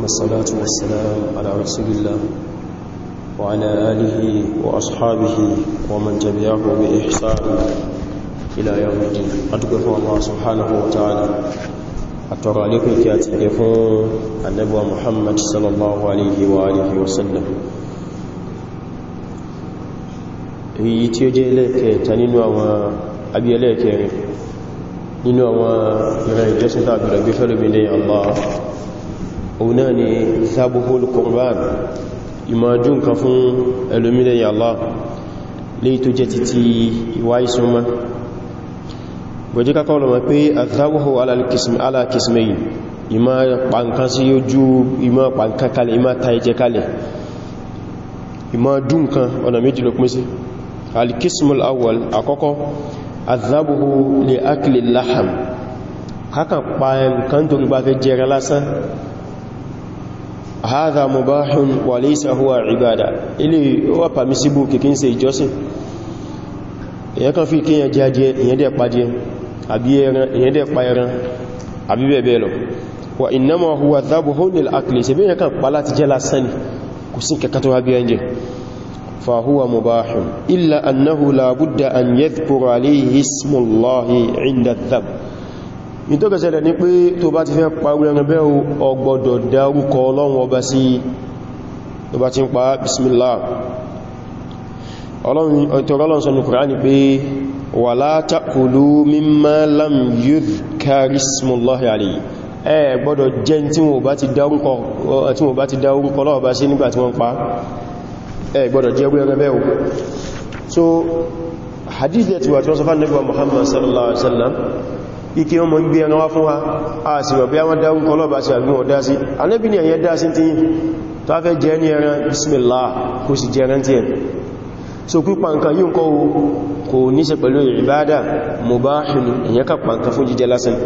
ثم الصلاة والسلام على رسول الله وعلى آله وأصحابه ومن تبعه بإحسان إلى يوم الدين أتقف الله سبحانه وتعالى أترى لكم كاتقفون النبوة محمد صلى الله عليه وآله وسلم هي تيجي لك jẹ́ ẹlẹ́kẹta nínú àwọn àbí ẹlẹ́kẹrin nínú àwọn ìrìn ìjọsìn tàbí òun náà ni zabuhul qurban ìmọ̀jú nǹkan fún ẹlòmílẹ̀yìn Allah lè tó jẹ títí ìwà ìsúnmọ́ gbọ́jí kákọ́ lọ mọ̀ pé azabuhu ala kismayn ìmọ̀ pàǹkan sí ojú ìmọ̀ pàǹkan kalẹ̀ ìmọ̀ ta ẹjẹ kalẹ̀ ìmọ̀ dùn kan ọ̀nà méjì ló pín sí pa nǹkan tó gbáfẹ́ jẹrẹ lásán هذا مباح وليس هو عبادة ilé ó wà permissible kìkín ṣe ìjọsìn èyàn kan fi kíyàn jẹ adìẹ èyàn dẹ̀ pa díẹ̀ àbí ẹran èyàn dẹ̀ pa ẹran àbí bẹ́ẹ̀bẹ́ẹ̀ lọ wà innama huwa dhabuhun lil akli ṣe bí èyàn kan pa láti jẹ lásán ni kò sí kẹkàtọ́ ìtọ́kẹsẹ̀lẹ̀ ní pé tó bá ti fẹ́ pàgbẹ̀rẹ̀gbẹ̀ ọgbọ̀dọ̀ dárúkọ ọlọ́run ọba sí tó bá ti ń pa bismillah ọlọ́run sọ ní Kùránì pé wala ta'kulu lam yudhkar ismullahi alayhi ẹ gbọ́dọ̀ jẹ tí wọ́n bá ti dárúkọ ọlọ́run ọba sí nígbà tí wọ́n pa so hadith yẹ ti wà tí wọ́n ike wọn mọ̀ ń gbé ẹranwá fún wa a sì rọ̀ bí wọ́n dáhùn kọ́ lọ́bàá sí àgbín ọ̀dá sí anẹ́bí ni ẹ̀yẹ dá sí tí yìí tó fẹ́ jẹ ní ẹran bismillah kò sì jẹ ẹran tí ẹ̀ so pípa nǹkan yíò kọ́ kò níṣe pẹ̀lú ìbádà mubahun ẹ̀yẹ ká pa nǹkan fún jíjẹ lásán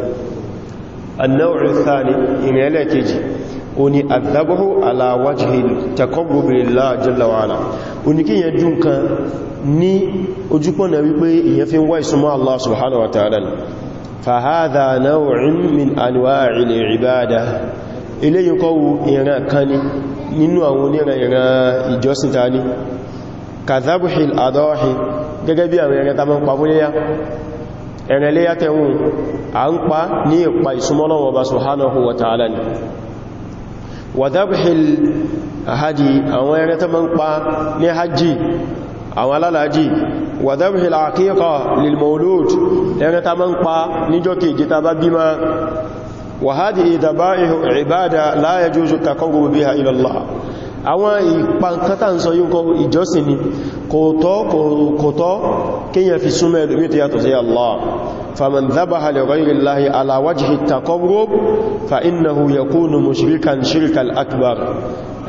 an ojúpọ̀nà wípé ìyẹn fi ń wá ìsúnmọ́ Allah subhanahu wa ta'ala فهذا نوع من أنواع العبادة إليه قو إيران كان nínú àwọn oníran ìran ìjọsìn ta ní kazabuhil adọ́ọ̀hì gẹ́gẹ́ bí àwọn ẹran ta mọ́ ń pa fún léyá ẹran léyá tẹ̀wọ̀n a ń pa ní ìpa ìsúnmọ́lọ́wọ́ àwọn alálàájì wa dhabhil aqiqa lil mawlud ẹran ta ma ń pa níjọ́ keje ta bá bímá wa hadhihi dhabaihu ibada la yajuzu at-taqarrub biha ila Allah àwọn ìpankátà ń sọ yíò kọ ìjọsìn ni kò tọ́ kò tọ́ kíyàn fi súnmọ́ ẹ̀dùmí tó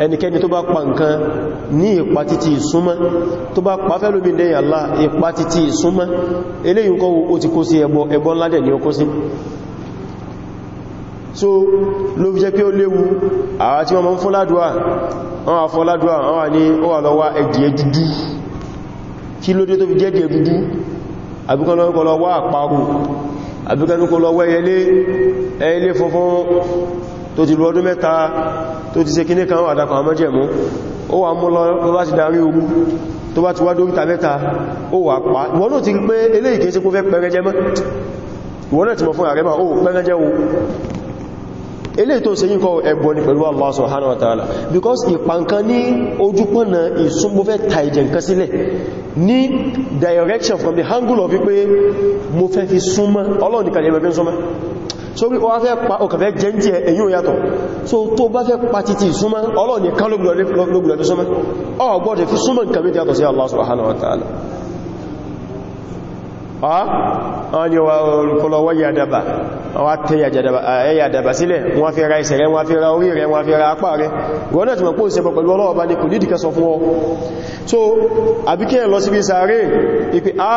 ẹnikẹ́ni tó bá pa nǹkan ní ipa títí ìsúnmọ́ tó bá pa fẹ́ lómi lẹ́yìn Allah ipa títí ìsúnmọ́ eléyìn kọ́ o ti kó sí ẹbọ ẹbọ ní ọkọ́ sí so ló fi jẹ́ pé ó léwu àwa tí wọ́n mọ́ fún ládùá àwọn àfọ́ ládùá àwọn ní ó wà lọ́wọ́ ẹ̀dìyẹ dúdú kí ló dé tó fi tó ti lọ ọdún mẹ́ta tó ti ṣe kíní kan wà dákọ̀ àmọ́jẹ̀mú ó wà mú lọ bá ti darí ogun tó bá ti wá dóríta mẹ́ta ó wà pa wọ́n náà ti rí pé eléyìí kìí ṣe kó fẹ́ pẹrẹjẹ mọ́ wọ́n náà ti mọ̀ fún àrẹ́mà ó pẹrẹjẹ o eléyìí tó ṣe yíkọ ẹgbọ́ ni pẹ̀lú Allah subhanahu wa ta'ala because ìpankan ní ojúpọ̀nà ìsúnmọ́fẹ́ ta ìjẹ nǹkan sílẹ̀ ní direction from the angle of wípé mo fẹ́ fi súnmọ́ Ọlọ́run nìkan ẹgbẹ̀gbẹ̀ súnmọ́ so o wá fẹ́ pa ọkà fẹ́ jẹ́ tí ẹ̀yìn ò yàtọ̀ so tó bá fẹ́ pa títí súnmọ́ Ọlọ́run nìkan ló gbọ́dọ̀ fi súnmọ́ o gbọ́dọ̀ fi súnmọ́ nǹkan méjì yàtọ̀ sí Allah wọ́n wá tẹ́ ẹ̀yà dàbà sílẹ̀ wọ́n fi ra ìsẹ̀rẹ̀ wọ́n fi ra orí rẹ̀ wọ́n fi ra apá rẹ̀ wọ́n náà ti mọ̀ pọ́ ìsẹ̀bọ̀ pẹ̀lú ọlọ́ọ̀bá ní kò nídìí kẹsọ fún ọ so àbíkẹ́ lọ síbi sàárè ipi a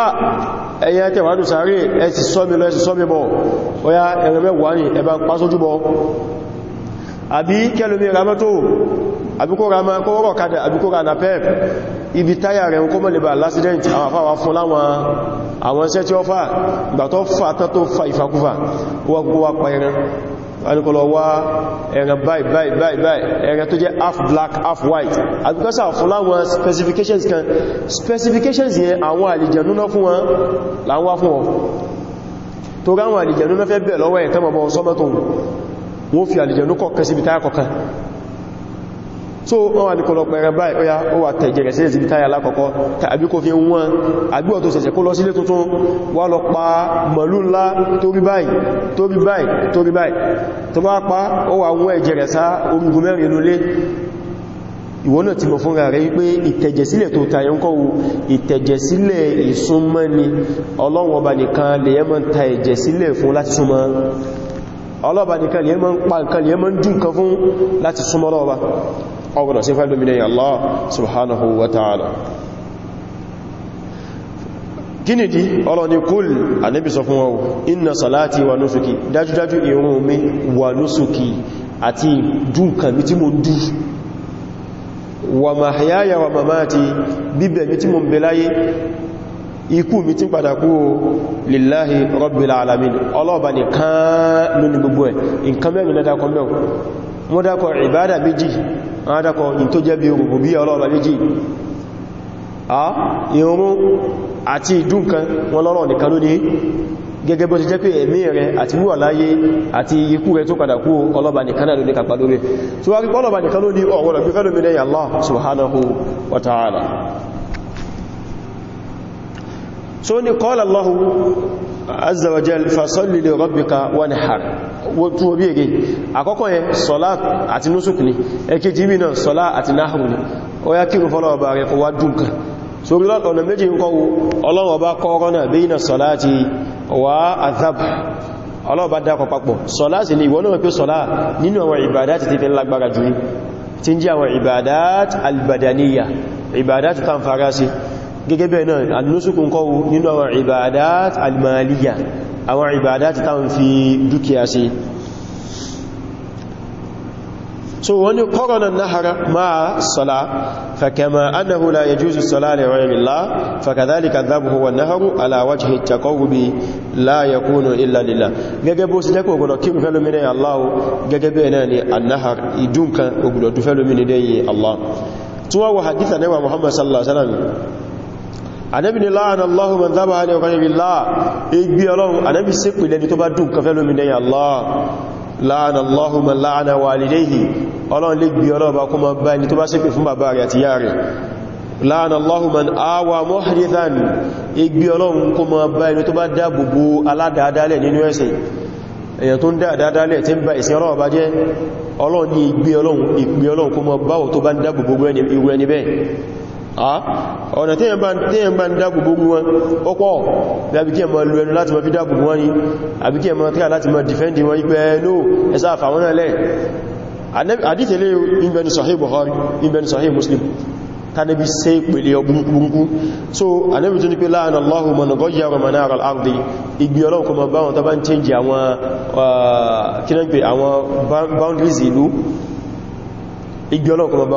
ẹ̀yà tẹ̀wàdù sàárè ẹ ti sọ́mi lọ ẹ ti sọ́mi bọ̀ ọya ẹ̀rẹ̀ mẹ́wàá ní ẹ̀bá pásójúbọ àbí kẹlùmí ramọ́tò àbíkóra ma kó rọ̀ kada àbíkóra na pep ibi táyà rẹ̀ kó mọ́ lèbà lásìdẹ̀ntì àwọn afáwà fún láwọn àwọn iṣẹ́ tí ó fà gbà tó fà tán tó fà ìfàkúfà wọ́n gbọ́ wá pa ẹran alìkọlọ half black half white àbíkọ́sà fún láwọn specifications kan specifications yẹn àwọn àlìjẹ̀nú náà fún wọn láwọn fún wọn tó ráwọn àlìjẹ̀nú náà fẹ́ bẹ̀ lọ́wọ́ ẹ̀ tán mọ̀ sọ́mọ́tò wọ́n fi àlìjẹ̀nú kọ̀ọ̀kan síbi táyà kọ̀ọ̀kan so wọ́n wà ní kọlọpọ̀ ẹ̀rẹ̀ báyìí ọya ó wà tẹ̀jẹ̀rẹ̀ sí ẹ̀sì táyà alákọ̀ọ́kọ́ tàbí kò fi wọ́n àgbíwọ̀ tó ṣẹ̀ṣẹ̀ kó lọ sílé tuntun wà lọ pa màlúù ńlá torí báyìí torí báyìí torí báyìí tó bá pa ó wà wọ́n ẹ̀jẹ̀rẹ̀ sá orúgun mẹ́rin inú lé ìwọ náà ti mọ̀ fúnra rẹ̀ wípé ìtẹ̀jẹ̀sílẹ̀ tó tayọ ń nìkan lè mọ́ ń pa nǹkan lè mọ́ ń dùn kan fún láti súnmọ́ ọlọ́ba ọgbọ̀dọ̀ sí fẹ́lú mílẹ̀ Allah subhanahu wa ta'ala kíni dí ọlọ́ni kúl ànábì sọ fún wọn inna salati wa nusuki dájúdájú ìrun mi wa nusuki àti dúnkan mi tí mo dú wa mahyaya wa mamati bíbẹ̀ mi tí mo bẹ láyé ikú mi tí padà kú lillahi rabbil alamin ọlọ́ọ̀bá nìkan lónìí gbogbo ẹ̀ nǹkan mẹ́rin lẹ́dàkọ́ mẹ́rin mọ́dákọ̀ ìbádà méjì wọ́n dákọ̀ in tó jẹ́ bí orùgbò bí ọlọ́rọ̀ méjì ìrún àti ìdúnkan wọn lọ́rọ̀ nìkan ló ní gẹ́gẹ́ bó ti jẹ́ pé ẹ̀mí rẹ̀ àti wíwà láyé àti ikú rẹ̀ tó padà kú ọlọ́bà nìkan náà ló ní kàpà lórí tó wá rí tún orí èrè àkọ́kọ́ yẹn sọ́lá àti nusuk ni ẹkejì mi náà sọ́lá àti nahru ni ó yá kírù fọ́lọ́ ọba rẹ̀ kó wá dùn kan sórí ọ̀nà méjì ń kọ́wọ́ ọlọ́run azab ọlọ́ọ̀bá dákọ̀ papọ̀ sọ́lá sí ni ìwọ náà pé sọ́lá nínú àwọn ìbàdá ti fi lágbára jù ní tí ń jẹ́ àwọn ìbàdá albadaniya gẹ́gẹ́ bẹ́ẹ̀ náà annusukun kọ́wọ́ nínú àwọn ìbàdá almaliya àwọn ìbàdá ti táwọn fi dúkìá ṣe so wani kọrọnan nahara ma sala fakama annahu la yajuzu sala li ghayrillah fakadhalika dhabuhu wan naharu ala wajhi at-taqawwi la yakunu illa lillah gẹ́gẹ́ bó sì jẹ́ kó gbọ́dọ̀ kí fẹ́ lómìnà Allah gẹ́gẹ́ bẹ́ẹ̀ náà ni annahar idun kan ó gbọ́dọ̀ du fẹ́ lómìnà dẹ́yìn Allah tí ànábì ni láàrín Allah man zábà ní ọkọ̀ níbi láà igbí ọlọ́run ànábì sí pìlẹ̀ ní tó bá dùn kan fẹ́lómi lẹ́yìn Allah láàrín Allah man láàrín walidayhi ọlọ́run lè gbí ọlọ́run bá kúmọ bá ní tó bá sí pè fún bàbá rẹ̀ àti yá nínú ẹ̀sìn èyàn tó ń dá àdádálẹ̀ tí ń bá ìsìn ọlọ́wọ́ bá jẹ́ ọlọ́run ní ìgbé ọlọ́run kó mọ báwọ̀ tó bá ń dáàbò gbogbo ẹni ọ̀nà tí èyàn bá ń dáàbòbò wọn ó pọ̀ bí àbí kí ẹ máa lu ẹnu láti máa fi dáàbòbò wọn ni àbí kí ẹ máa tẹ́ láti máa dìfẹ́ndì wọn wípé ẹnú eh, ẹsá àfàwọn náà lẹ́ àdítẹ̀lẹ́ ìbẹnu Sahih Bukhari ìbẹnu Sahih Muslim tánàbí sí ìpele ọgbùnkúnkú so anẹ́bì tó ní pé láàrín aláhùn mọ̀nà gọ́yà rọmaná ara al'ardi igbi ọlọ́run kọmọ báwọn tó bá ń change àwọn kínáǹpẹ̀ àwọn boundaries ìlú igbi ọlọ́run kọmọ bá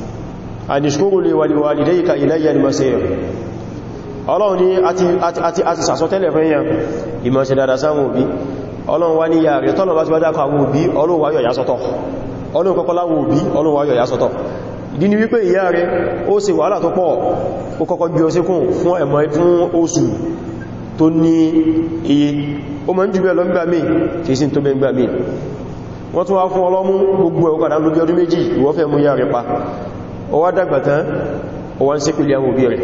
an ishkuru li wa liwalidayka ilayya al-masir ọlọ́run ni a ti sàsọtẹ́lẹ̀ fún yẹn ìmọ̀ṣẹ̀ dada sáwọn òbí ọlọ́run wá ní ìyà rẹ̀ tọ́lọ̀ bá ti wájá kọ àwọn òbí ọlọ́run wáyọ̀ yà sọ́tọ̀ ọlọ́run kọ́kọ́ láwọn òbí ọlọ́run wáyọ̀ yà sọ́tọ̀ ìdí ni wípé ìyá rẹ̀ ó ṣe wàhálà tó pọ̀ ó kọ́kọ́ gbé ọsẹ́kùn fún ẹ̀mọ́ fún oṣù tó ní iye ó mọ́ ń jù bẹ́ẹ̀ lọ nígbà míì kìí sí tó bẹ́ nígbà míì wọ́n tún wá fún ọlọ́mú gbogbo ẹ̀ ó padà lóbi ọdún méjì ìwọ́fẹ́ mú yá pa ó wá dàgbà tán ó wá ń ṣe pìlẹ̀ àwọn òbí rẹ̀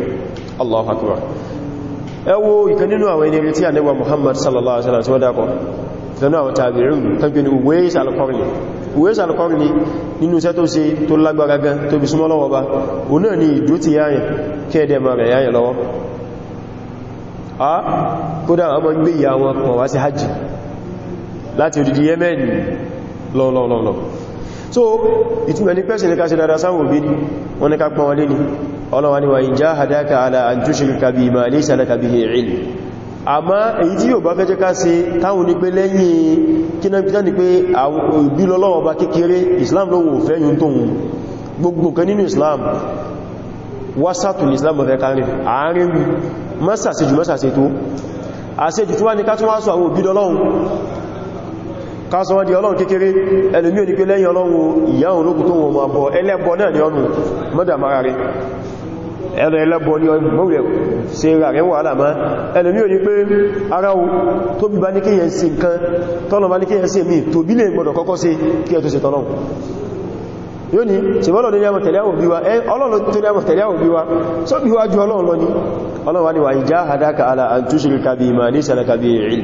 Allahu akbar ẹ wo ìkan nínú àwọn ẹni tí Ànábì Muhammad sallallahu alaihi wasallam nínú àwọn tàbírùn tán pè ní Uwais al-Qarni Uwais al-Qarni nínú iṣẹ́ tó ṣe tó lágbára gan tó bí súnmọ́ lọ́wọ́ bá o náà ni ìdó ti yáyàn kẹ́ẹ̀dẹ̀ ma rẹ̀ yáyàn lọ́lọ́lọ́lọ́ so ìtumẹ̀ ní pẹ́sì ní ká ṣe dada sáwọn òbí ní wọn ni ká pọ̀ wọlé ní ọlọ́wà ni wà in jahadaka ala an tushrika bi ma laysa laka bihi ilm àmá èyí tí yóò bá fẹ́ jẹ́ ká ṣe táwọn ní pé lẹ́yìn kí náà pítà ní pé àwọn òbí lọ́lọ́wọ́ bá kékeré Islam lówó fẹ́yìn tóhun gbogbo kan nínú Islam wásàtù ní Islam ọ̀fẹ́ kárin àárín mọ́sàsẹ́jù mọ́sàsẹ́ tó àṣẹ́jù tó wá ní ká tún wá sọ àwọn òbí kásọwọ́ di ọlọ́run kékeré ẹlòmí òní pé lẹ́yìn ọlọ́run ìyá òun lókù tó wọn mọ̀ àbọ̀ ẹlẹ́bọ náà ni ọrùn mọ́dàmára rẹ̀ ẹ̀rọ ẹlẹ́bọ ní ọmọrẹ̀ ṣe rà rẹ̀ wà láàmá ẹlòmí òní pé ara o tó bí bá ní kíyàn sí nǹkan ṣe tọ́lọ́run yóò ní ṣèbọ́lọ̀ ní ẹmọ̀ tẹ̀lé àwọn òbí wa ọlọ́run tó ní ẹmọ̀ tẹ̀lé àwọn òbí tó bí wájú ọlọ́run lọ ní ọlọ́run wá ní wà ìjá àdáka ala an tushrika ní sàlaka bí ìrìn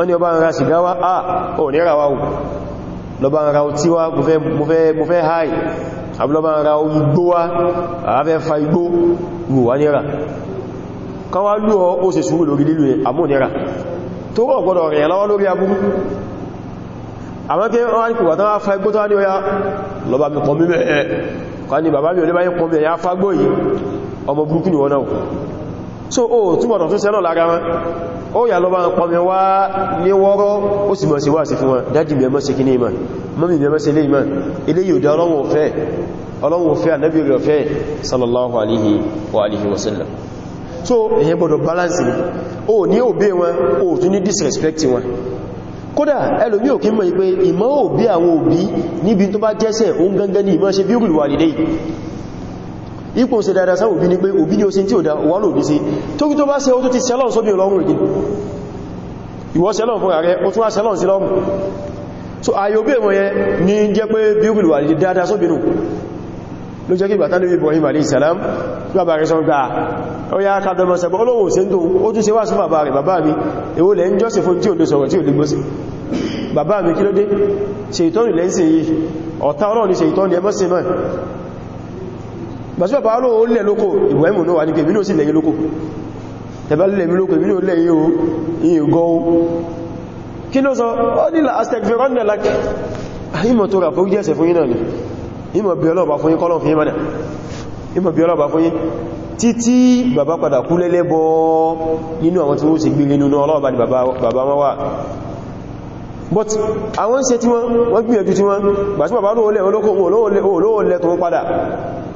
wọ́n ni ọba ń ra sìgá wá à ah, ò ní ra wáwù lọ́ba ń ra ọtí wá mo fẹ́ háì àbúlọ́ba ń ra igbó wá àáfẹ́ fa igbó wò wá nira kan wá lú ọ ó ṣe sùúrù lórí lílù ẹ àmú nira tó rọ̀ gbọ́dọ̀ rẹ̀ lọ́wọ́ lórí aburú àwọn kí wọ́n ní pùpàtán ya fagbó yìí ni wọ́n so ó túnbọ̀ tó sẹ́nà lára wọn ó yà lọ́wọ́ pọ̀mí wá ní wọ́rọ́ ó sì mọ̀ sí wá sí fún wọn dájì bẹ̀mọ́ sí kí ní ìmọ̀ mọ́mí bẹ̀mọ́ sí ilé ìmọ̀ ilé yóò dá ọlọ́wọ̀n ọ̀fẹ́ alaihi wasallam so èyàn gbọ́dọ̀ balance ni o ní òbí wọn o tún ní disrespect wọn kódà ẹlòmí ò kí mọ̀ pé ìmọ̀ òbí àwọn òbí níbi tó bá jẹ́sẹ̀ òun gangan ní ìmọ̀ ṣe bí rùlùwà lè dé ipò ṣe dáadáa sáwọn òbí ni pé òbí ni ó sin tí ó dá wà lòbí sí tó kí tó bá ṣe ó tó ti sẹ́lọ̀n sóbí ọlọ́run ìdí ìwọ sẹ́lọ̀n fún ààrẹ ó tún wá sẹ́lọ̀n sí lọ́mù so àyòbí ẹ̀mọ̀ yẹ ní jẹ́ pé bíbìlì wà lè dáadáa sóbí nù ló jẹ́ kí ìgbà tánú Ibrahim alayhisalam bàbá rẹ̀ sọ́gbà ó yá kàdọmọ̀ sẹ́gbọ́ olóòwò sí tó ó tún ṣe wá sí bàbá rẹ̀ bàbá mi èwo lẹ́ ń jọ́sẹ̀ fún tí ò lè sọ̀rọ̀ tí ò lè gbọ́sí bàbá mi kí ló dé ṣe ìtọ́nù lẹ́ńsẹ̀ yìí ọ̀tá ọlọ́run ṣe ìtọ́nù ẹmọ́sìn náà gbàsí bàbá ló ó lẹ̀ lóko ìbòhẹ́mù náà wà ní pèmínú sí lẹ́yìn lóko tẹ̀bá lẹ́mí lóko ìbínú lẹ́yìn o ìyìn gọ́ o kí ló sọ ó nílà astagfirọ́nà lákì ìmọ̀ ah, tó rà fórí jẹ́sẹ̀ fún yín náà ni ìmọ̀ bí ọlọ́ọ̀bá fún yín kọ́lọ̀ fún yín mọ́nà ìmọ̀ bí ọlọ́ọ̀bá fún yín títí bàbá padà kú lẹ́lẹ́bọ nínú àwọn tí wọ́n sì gbé nínú ọlọ́ọ̀bá ni bàbá wọn wà but àwọn ń ṣe tí wọ́n gbìyànjú tí wọ́n gbàtí bàbá olóòlẹ́ olóòlẹ́ tó ń padà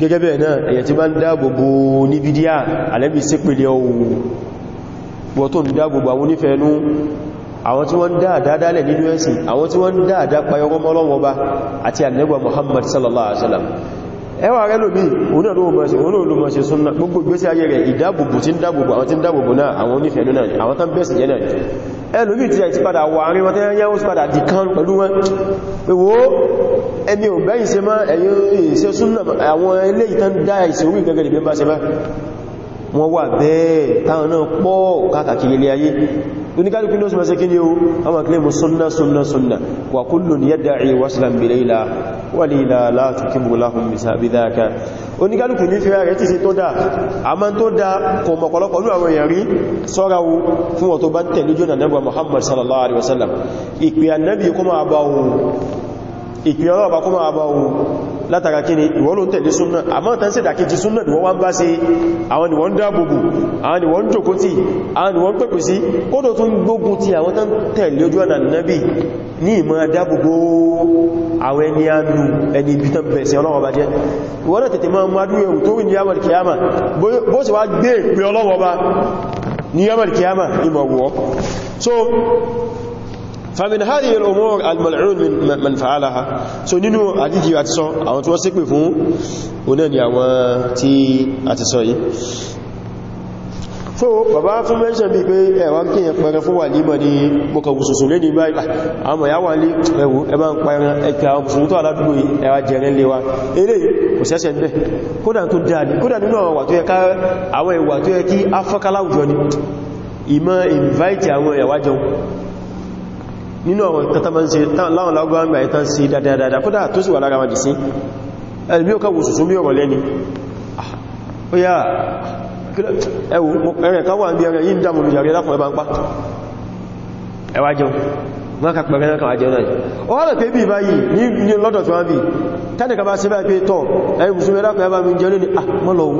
gẹ́gẹ́ bẹ́ẹ̀ náà èyàn tí bá ń dáàbòbò ní bídíà alẹ́bí sí pèlẹ̀ ohun wọ́n tó ń dáàbòbò àwọn onífẹ́ẹ̀nú àwọn tí wọ́n dáadáa Muhammad sallallahu alaihi wasallam ẹwà rẹ̀ lómi onílọ́lọ́mọ̀ṣe súnnà gbogbo ìgbésí ayé rẹ̀ ìdáàbòbò tí ń dáàbòbò àwọn tí ń dáàbòbò náà àwọn onífẹ̀ẹ́nú ẹlòmí ti àti padà wà rí wọn tẹ́yẹ́ ó sì padà dìkan pẹ̀lú wọn ìwò ẹni ò bẹ́yìn se máa ẹ̀yìn ìṣẹ́ súnnà àwọn ilé ìtàn dá ìṣẹ́ orí gẹ́gẹ́ ìbẹ́ bá se máa wọ́n wà bẹ́ẹ̀ táwọn náà pọ̀ káàkiri ilé ayé oníkálùkù ní fíra rẹ̀ tí ṣe tó dáa a máa tó dáa kò mọ̀kọ̀lọpọ̀ ní àwọn èèyàn rí fún ọ̀tọ̀ bá tẹ̀lé jọ́nà nẹ́bà Muhammad sallallahu alaihi wasallam ìpè annabi kó máa bá ohun ìpè ọlọ́ọ̀bá látara kí ni ìwọ ló ń tẹ̀lé súnnà àmọ́ tán sí ìdàkejì súnnà ni wọ́n wá ń bá ṣe àwọn ni wọ́n ń dáàbòbò àwọn ni wọ́n ń jòkó tí àwọn ni wọ́n ń pẹ̀pẹ̀ sí kódò tún gbógun ti àwọn tán tẹ̀lé ojú ọ̀nà nábì ní ìmọ̀ dáàbòbò àwọn ẹni anú ẹni ibi tán bẹ̀ẹ̀ sí ọlọ́wọ́ so فمن هذه الأمور الملعون من, من فعلها so nínú adiji àti sọ àwọn tí wọ́n ṣépè fún ọ̀nà ni àwọn tí àti sọ yìí so bàbá tún mention bí pé ẹ wá kiyan pere fún walima ni mo ka bususu le ni báyìí àwọn ya wa le ẹ wò ẹ bá pa ẹran ẹ ka bususu tó aládùúgbò yìí ẹ wá jẹran le wa ere kò sese nbe kódà tó da ni kódà nínú àwọn wa tó yẹ ká àwọn ìwà tó yẹ kí afakala ujo ni ima invite àwọn ya wa nínú àwọn ìtàtàmà ń ṣe láwọn lágbà ń gbà ìtàn sí dáadáa kódà tó sì wà lára wọn jìsí ẹ̀lmí ò káwò sùsùn bí ọ̀rọ̀ lẹ́ni ó yá ẹwù ẹ̀rẹ̀ káwà ń bí ẹ̀rẹ̀ yìí dámù lù yàrí lápùn ẹbá ń pá ẹwà jẹun wọ́n ká pẹ̀rẹ̀ náà kàwà jẹun náà ó wá lọ́pẹ́ bí báyìí ní lọ́dọ̀ tí wọ́n bí tánìkà bá sí báyìí pé tọ́ ẹ̀rẹ̀ mùsùlùmí lápùn ẹbá mi jẹun ah, ah, ní àmọ́lọ́wọ́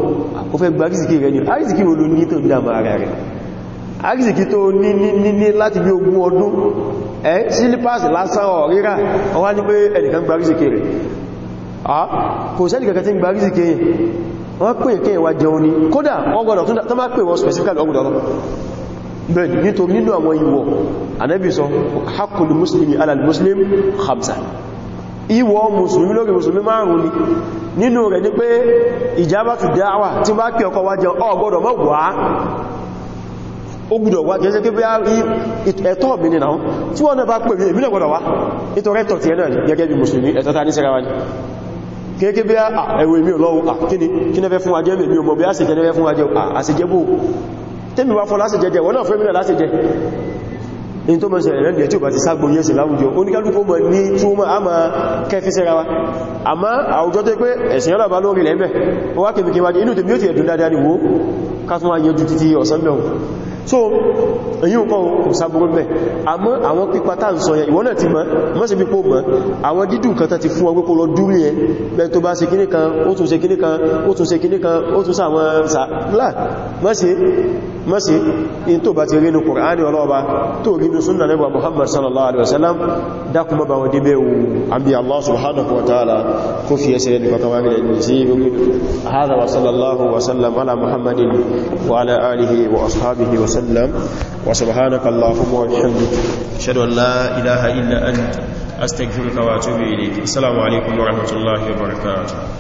ó fẹ́ láti bí ogún ọdún ẹ̀ sílípàsì lásán ọ̀ rírà ọwá ní pé ẹnìkan gba rísìkì rẹ̀ kò sẹ́lì kẹ̀kẹ́ tí ń gba rísìkì yìí wọ́n pè kí ìwà jẹun ni kódà ọgbọ̀dọ̀ tó má pè wọ́n specifically ọgbọ̀dọ̀ bẹ́ẹ̀ nítorí nínú àwọn ìwọ̀ Ànábì sọ hakul muslimi alal muslim khamsa ìwọ̀ musulmi lórí musulmi márùn ni nínú rẹ̀ ní pé ìjábátù dáwà tí bá pè ọkọ̀ wájẹ ọgbọ̀dọ̀ mọ́ wàá ó gbọ́dọ̀ wá jẹ́ pé ẹ̀tọ́ mi ní náà tí wọ́n náà bá pè mí èmi náà gbọ́dọ̀ wá nítorí ẹ̀tọ́ ti ẹ̀nà gẹ́gẹ́ bí mùsùlùmí ẹ̀tọ́ ta ní sẹ́ra wa ní kéèké bí ẹ̀wọ̀ èmi ọlọ́run kíni kí nẹ́fẹ́ fún ajẹ́ mi ọmọ ah, a sì jẹ́ nẹ́fẹ́ fún ajẹ́ àṣìjẹ́ bò tẹ́mi wá fún láṣìjẹ́ jẹ́ wọ́n náà fẹ́ mìíràn láṣìjẹ́ in tó mọ́ ṣe ẹ̀rẹ́ tí ó bá ti ságbò yẹ́sì láwùjọ oníkálùkù mọ̀ ní tí ó máa ma kẹfí sẹ́ra wa àmá àwùjọ tó pé ẹ̀sìn yọ́nà bá lórí lẹ́mẹ̀ ó wá kèmìkèmà inú tèmi ó ti ẹ̀dùn dáadáa ni wo ká tún wá yẹjú títí ọ̀sán mẹ́wọ̀n so èyí nǹkan kò sàbúrú bẹ̀ àmọ́ àwọn pípa tá ń sọ yẹn ìwọ náà ti mọ̀ mọ́ sí pípò mọ̀ àwọn dídùn kan tán ti fún ọgbẹ́kò lọ dúró yẹn bẹ́ẹ̀ tó bá ṣe kíní kan ó tún ṣe kíní kan ó tún ṣe kíní kan ó tún sàwọn sàá mọ́sí in tó bá ti rí ní Kùránì ọlọ́ọba tó rí ní súnnà nẹ́bà Muhammad sallallahu alaihi wasallam dákùnmọ́ bá wọn débẹ̀ wù àbí Allah subhanahu wa ta'ala kó fi ẹsẹ̀ rẹ̀ nìkan wárí rẹ̀ sí gbogbo hada wa sallallahu wa sallam ala Muhammadin wa ala alihi wa ashabihi wa sallam wa